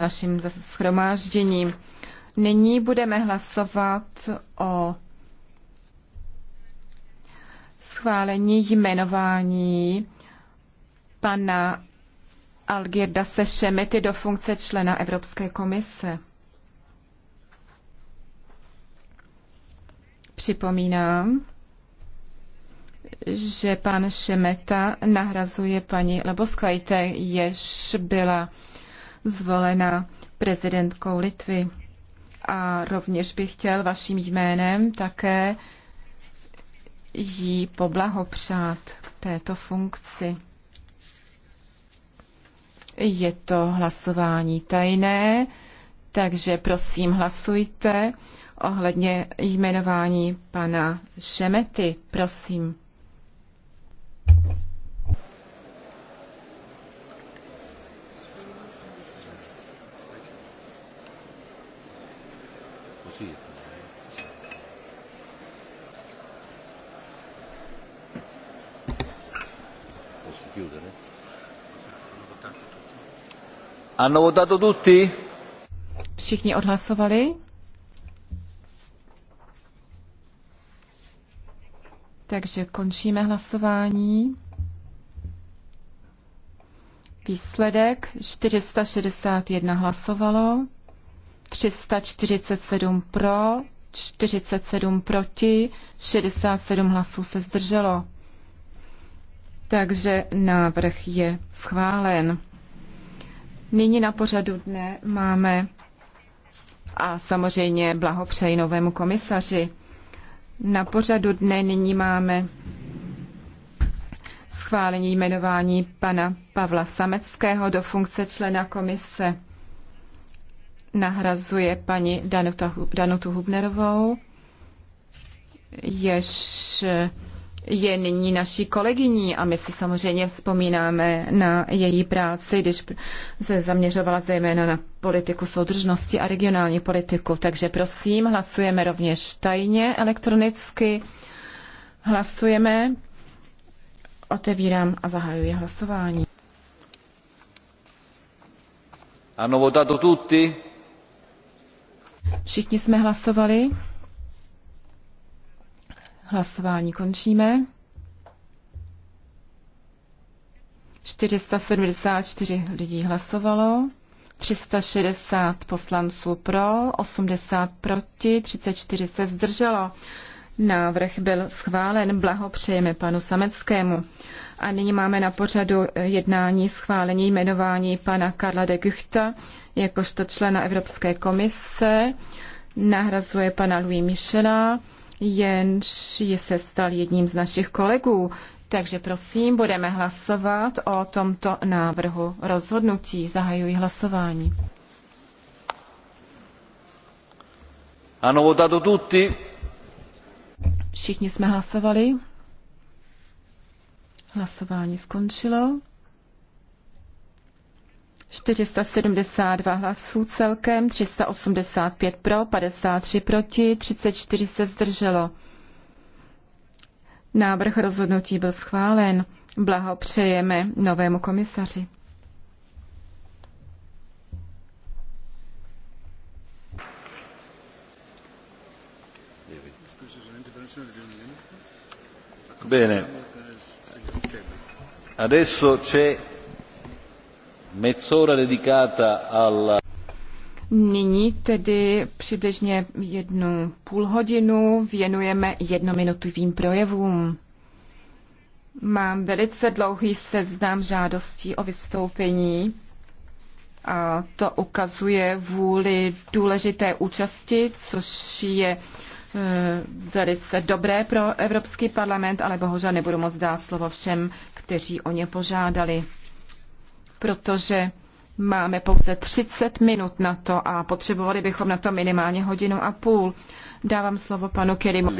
naším schromážděním. Nyní budeme hlasovat o schválení jmenování pana Algirda Sešemety do funkce člena Evropské komise. Připomínám, že pan Šemeta nahrazuje paní Leboskajte, jež byla zvolena prezidentkou Litvy. A rovněž bych chtěl vaším jménem také jí poblahopřát k této funkci. Je to hlasování tajné, takže prosím hlasujte ohledně jmenování pana Šemety. Prosím. così. Posso chiudere? Hanno votato tutti? Všichni odhlasovali? Takže končíme hlasování. Výsledek 461 hlasovalo. 347 pro, 47 proti, 67 hlasů se zdrželo. Takže návrh je schválen. Nyní na pořadu dne máme a samozřejmě blahopřeji novému komisaři. Na pořadu dne nyní máme schválení jmenování pana Pavla Sameckého do funkce člena komise nahrazuje paní Danuta, Danutu Hubnerovou, jež je nyní naší kolegyní a my si samozřejmě vzpomínáme na její práci, když se zaměřovala zejména na politiku soudržnosti a regionální politiku. Takže prosím, hlasujeme rovněž tajně elektronicky. Hlasujeme. Otevírám a zahajuji hlasování. Ano, votato tutti? Všichni jsme hlasovali. Hlasování končíme. 474 lidí hlasovalo, 360 poslanců pro, 80 proti, 34 se zdrželo. Návrh byl schválen. Blahopřejeme panu Sameckému. A nyní máme na pořadu jednání schválení jmenování pana Karla de Guchta jakožto člena Evropské komise. Nahrazuje pana Louis Michela, jenž je se stal jedním z našich kolegů. Takže prosím, budeme hlasovat o tomto návrhu rozhodnutí. Zahajuji hlasování. Ano, votato tutti? Všichni jsme hlasovali. Hlasování skončilo. 472 hlasů celkem, 385 pro, 53 proti, 34 se zdrželo. Návrh rozhodnutí byl schválen. Blahopřejeme novému komisaři. Bene. Adesso c'è mezz'ora dedicata alla... Nyní tedy přibližně jednu půl hodinu věnujeme jednominutovým projevům. Mám velice dlouhý seznam žádostí o vystoupení a to ukazuje vůli důležité účasti, což je Eh, velice dobré pro Evropský parlament, ale bohužel nebudu moc dát slovo všem, kteří o ně požádali, protože máme pouze 30 minut na to a potřebovali bychom na to minimálně hodinu a půl. Dávám slovo panu Kerimu.